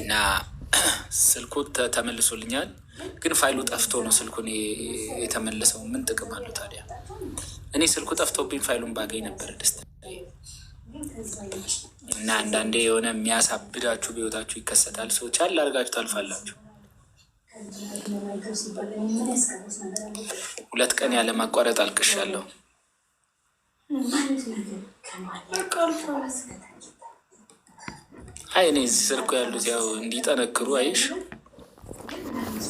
እና ስልኩ ተመልሶልኛል፣ ግን ፋይሉ ጠፍቶ ነው ስልኩን የተመለሰው። ምን ጥቅም አለው ታዲያ? እኔ ስልኩ ጠፍቶብኝ ፋይሉን ባገኝ ነበረ ደስታ። እና አንዳንዴ የሆነ የሚያሳብዳችሁ በህይወታችሁ ይከሰታል። ሰዎች አለ አድርጋችሁ ታልፋላችሁ። ሁለት ቀን ያለ ማቋረጥ አልቅሻለሁ። አይ እኔ እዚህ ስልኩ ያሉት ያው እንዲጠነክሩ አይሽ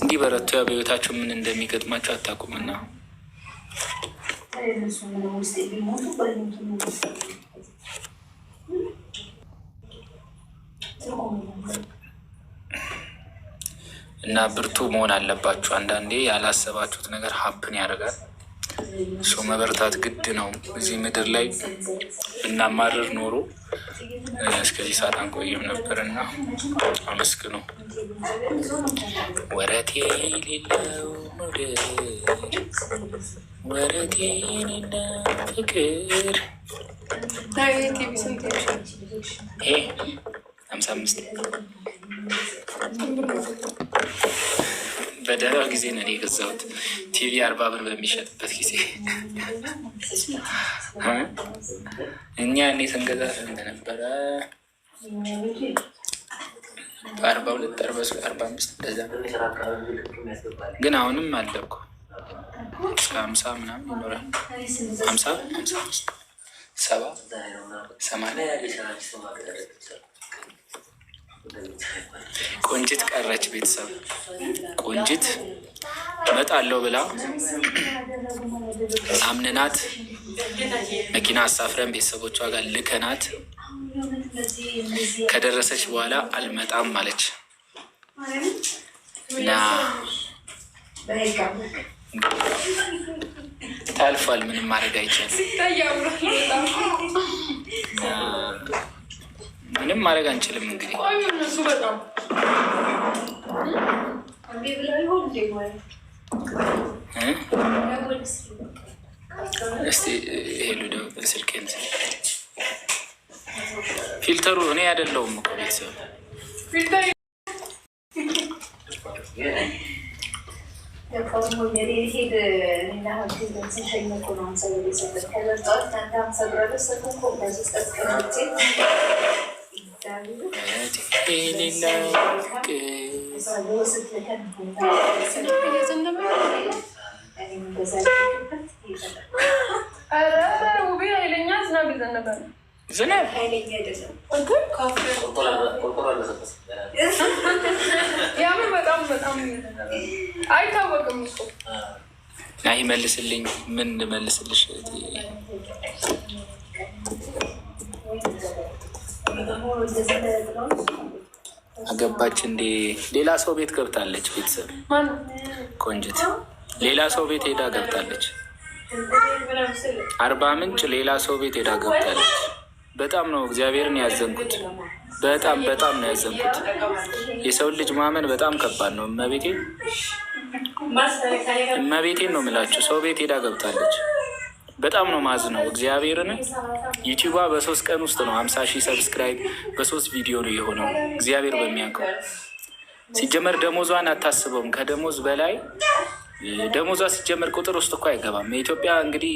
እንዲበረቱ ያው በህይወታቸው ምን እንደሚገጥማቸው አታውቁምና እና ብርቱ መሆን አለባችሁ። አንዳንዴ ያላሰባችሁት ነገር ሀፕን ያደርጋል። ሰው መበርታት ግድ ነው እዚህ ምድር ላይ። እናማርር ኖሮ እስከዚህ ሰዓት አንቆይም ነበር እና አመስግኑ። ወረት የሌለው መውደድ፣ ወረቴ የሌለው ፍቅር ሃምሳ አምስት በደህናው ጊዜ ነን የገዛሁት። ቲቪ አርባ ብር በሚሸጥበት ጊዜ እኛ እኔ ስንገዛ እንደነበረ በአርባ ሁለት አርባ አምስት እንደዛ ግን አሁንም አለ እኮ እስከ ሀምሳ ምናምን ይኖራል። ሀምሳ ሀምሳ ሰባ ሰማንያ ቆንጂት ቀረች። ቤተሰብ ቆንጂት እመጣለሁ ብላ አምነናት መኪና አሳፍረን ቤተሰቦቿ ጋር ልከናት ከደረሰች በኋላ አልመጣም ማለች እና ታልፏል። ምንም ማድረግ አይቻልም። ምንም ማድረግ አንችልም። እንግዲህ እስኪ ሄሉ ስልኬን ፊልተሩ እኔ አይደለሁም እኮ ቤተሰብ ዝናብ ያምን በጣም በጣም አይታወቅም እኮ። ምን መልስልሽ? አገባች እንዴ? ሌላ ሰው ቤት ገብታለች። ቤተሰብ ቆንጅት ሌላ ሰው ቤት ሄዳ ገብታለች። አርባ ምንጭ ሌላ ሰው ቤት ሄዳ ገብታለች። በጣም ነው እግዚአብሔርን ያዘንኩት። በጣም በጣም ነው ያዘንኩት። የሰውን ልጅ ማመን በጣም ከባድ ነው። እመቤቴ እመቤቴን ነው የምላችሁ። ሰው ቤት ሄዳ ገብታለች። በጣም ነው ማዝ ነው እግዚአብሔርን ዩቲዩባ በሶስት ቀን ውስጥ ነው ሀምሳ ሺህ ሰብስክራይብ በሶስት ቪዲዮ ነው የሆነው። እግዚአብሔር በሚያውቀው ሲጀመር ደሞዟን አታስበውም። ከደሞዝ በላይ ደሞዟ ሲጀመር ቁጥር ውስጥ እኮ አይገባም። የኢትዮጵያ እንግዲህ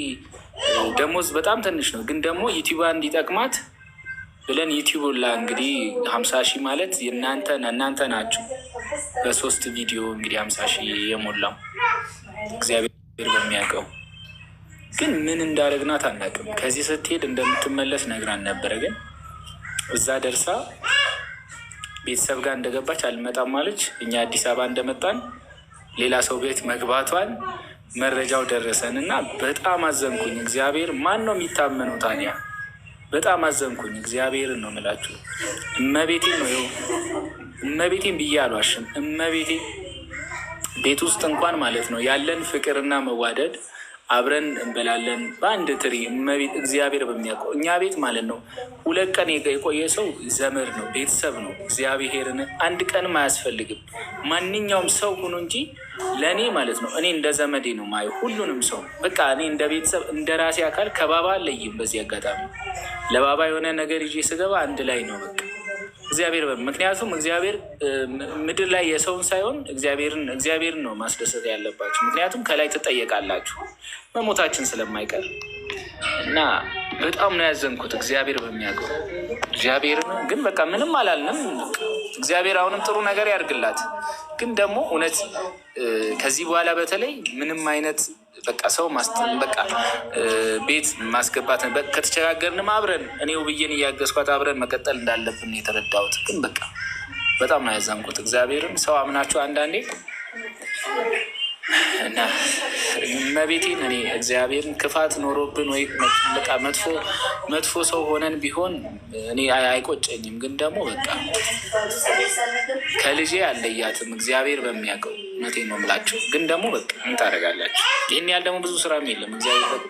ደሞዝ በጣም ትንሽ ነው፣ ግን ደግሞ ዩቲዩባ እንዲጠቅማት ብለን ዩቲዩብ ላ እንግዲህ ሀምሳ ሺህ ማለት እናንተ እናንተ ናችሁ። በሶስት ቪዲዮ እንግዲህ ሀምሳ ሺህ የሞላው እግዚአብሔር በሚያውቀው ግን ምን እንዳደረግናት አናውቅም። ከዚህ ስትሄድ እንደምትመለስ ነግራን ነበረ። ግን እዛ ደርሳ ቤተሰብ ጋር እንደገባች አልመጣም አለች። እኛ አዲስ አበባ እንደመጣን ሌላ ሰው ቤት መግባቷን መረጃው ደረሰን እና በጣም አዘንኩኝ። እግዚአብሔር ማን ነው የሚታመነው ታዲያ? በጣም አዘንኩኝ። እግዚአብሔርን ነው የምላችሁ። እመቤቴ ነው ይኸው፣ እመቤቴን ብዬ አልዋሽም። እመቤቴ ቤት ውስጥ እንኳን ማለት ነው ያለን ፍቅርና መዋደድ አብረን እንበላለን በአንድ ትሪ መቤት እግዚአብሔር በሚያውቀው እኛ ቤት ማለት ነው። ሁለት ቀን የቆየ ሰው ዘመድ ነው፣ ቤተሰብ ነው። እግዚአብሔርን አንድ ቀንም አያስፈልግም ማንኛውም ሰው ሆኖ እንጂ ለእኔ ማለት ነው። እኔ እንደ ዘመዴ ነው ማየው ሁሉንም ሰው በቃ እኔ እንደ ቤተሰብ እንደ ራሴ አካል ከባባ አለይም። በዚህ አጋጣሚ ለባባ የሆነ ነገር ይዤ ስገባ አንድ ላይ ነው በቃ እግዚአብሔር ምክንያቱም እግዚአብሔር ምድር ላይ የሰውን ሳይሆን እግዚአብሔርን እግዚአብሔርን ነው ማስደሰት ያለባቸው። ምክንያቱም ከላይ ትጠየቃላችሁ። መሞታችን ስለማይቀር እና በጣም ነው ያዘንኩት። እግዚአብሔር በሚያውቀው እግዚአብሔር ግን በቃ ምንም አላልንም። እግዚአብሔር አሁንም ጥሩ ነገር ያድርግላት። ግን ደግሞ እውነት ከዚህ በኋላ በተለይ ምንም አይነት በቃ ሰው በቃ ቤት ማስገባት ከተቸጋገርንም አብረን እኔ ውብዬን እያገዝኳት አብረን መቀጠል እንዳለብን የተረዳሁት። ግን በቃ በጣም ነው ያዘንኩት። እግዚአብሔርን ሰው አምናችሁ አንዳንዴ እና መቤቴን እኔ እግዚአብሔርን ክፋት ኖሮብን ወይ መጥፎ መጥፎ ሰው ሆነን ቢሆን እኔ አይቆጨኝም። ግን ደግሞ በቃ ከልጄ አለያትም እግዚአብሔር በሚያውቀው መቴ ነው ምላቸው። ግን ደግሞ በቃ ምን ታደርጋላችሁ? ይህን ያህል ደግሞ ብዙ ስራም የለም። እግዚአብሔር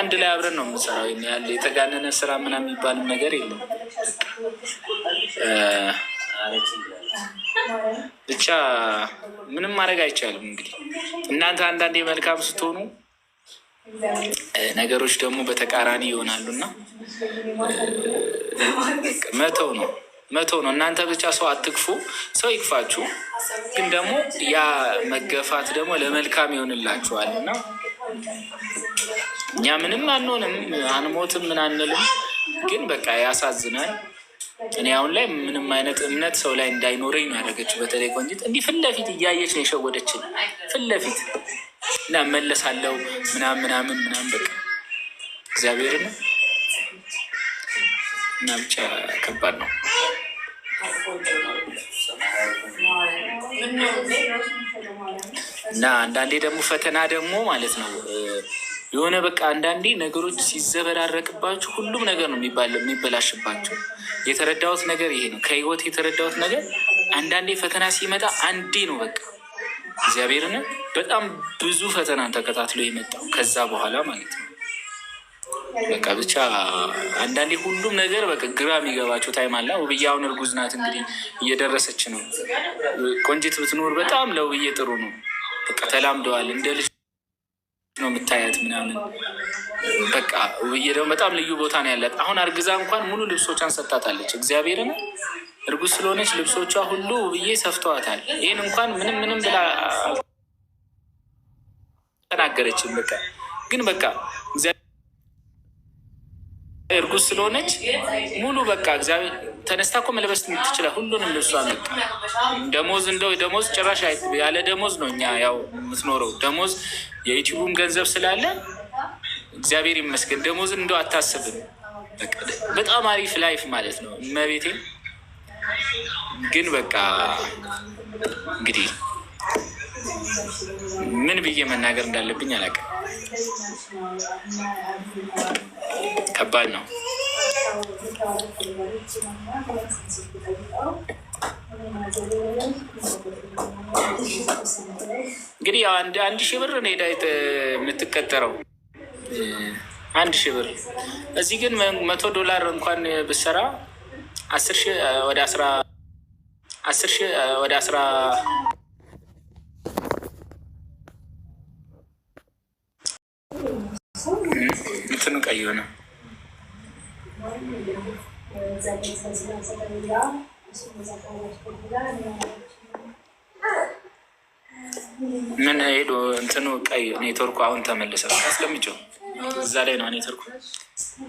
አንድ ላይ አብረን ነው የምንሰራው። ይህን ያህል የተጋነነ ስራ ምናምን የሚባልም ነገር የለም። ብቻ ምንም ማድረግ አይቻልም። እንግዲህ እናንተ አንዳንዴ መልካም ስትሆኑ ነገሮች ደግሞ በተቃራኒ ይሆናሉ እና መተው ነው መተው ነው። እናንተ ብቻ ሰው አትግፉ፣ ሰው ይግፋችሁ። ግን ደግሞ ያ መገፋት ደግሞ ለመልካም ይሆንላችኋል እና እኛ ምንም አንሆንም፣ አንሞትም፣ ምን አንልም። ግን በቃ ያሳዝናል። እኔ አሁን ላይ ምንም አይነት እምነት ሰው ላይ እንዳይኖረኝ ነው ያደረገችው። በተለይ ቆንጅት እንዲህ ፊት ለፊት እያየች ነው የሸወደችን ፊት ለፊት እና መለሳለው ምናምን ምናምን ምናምን በቃ እግዚአብሔር ነው እና ብቻ ከባድ ነው። እና አንዳንዴ ደግሞ ፈተና ደግሞ ማለት ነው የሆነ በቃ አንዳንዴ ነገሮች ሲዘበራረቅባችሁ ሁሉም ነገር ነው የሚበላሽባቸው። የተረዳሁት ነገር ይሄ ነው። ከህይወት የተረዳሁት ነገር አንዳንዴ ፈተና ሲመጣ አንዴ ነው በቃ እግዚአብሔርን በጣም ብዙ ፈተናን ተከታትሎ የመጣው ከዛ በኋላ ማለት ነው። በቃ ብቻ አንዳንዴ ሁሉም ነገር በቃ ግራ የሚገባቸው ታይም አለ። ውብዬ አሁን እርጉዝ ናት፣ እንግዲህ እየደረሰች ነው። ቆንጂት ብትኖር በጣም ለውብዬ ጥሩ ነው። በቃ ተላምደዋል እንደ ልጅ ነው የምታያት ምናምን በቃ ደግሞ በጣም ልዩ ቦታ ነው ያላት። አሁን አርግዛ እንኳን ሙሉ ልብሶቿን ሰጣታለች። እግዚአብሔርን እርጉዝ ስለሆነች ልብሶቿ ሁሉ ውብዬ ሰፍተዋታል። ይህን እንኳን ምንም ምንም ብላ ተናገረችም። በቃ ግን በቃ እርጉዝ ስለሆነች ሙሉ በቃ እግዚአብሔር ተነስታ እኮ መልበስ የምትችላ ሁሉንም ልብሷ መጣ። ደሞዝ እንደው ደሞዝ ጭራሽ አይ ያለ ደሞዝ ነው እኛ ያው የምትኖረው ደሞዝ የዩቲዩቡም ገንዘብ ስላለ እግዚአብሔር ይመስገን ደሞዝን እንደው አታስብም። በጣም አሪፍ ላይፍ ማለት ነው። እመቤቴ ግን በቃ እንግዲህ ምን ብዬ መናገር እንዳለብኝ አላውቅም። ከባድ ነው። እንግዲህ አንድ ሺህ ብር ነው ሄዳ የምትቀጠረው። አንድ ሺህ ብር እዚህ ግን መቶ ዶላር እንኳን ብሰራ አስር ሺህ ወደ አስራ አስር ሺህ ወደ አስራ እንትኑ ቀይ ነው ምን ሄዶ እንትኑ ቀይ ኔትወርኩ አሁን ተመልሰ አስቀምጨው እዛ ላይ ነው ኔትወርኩ።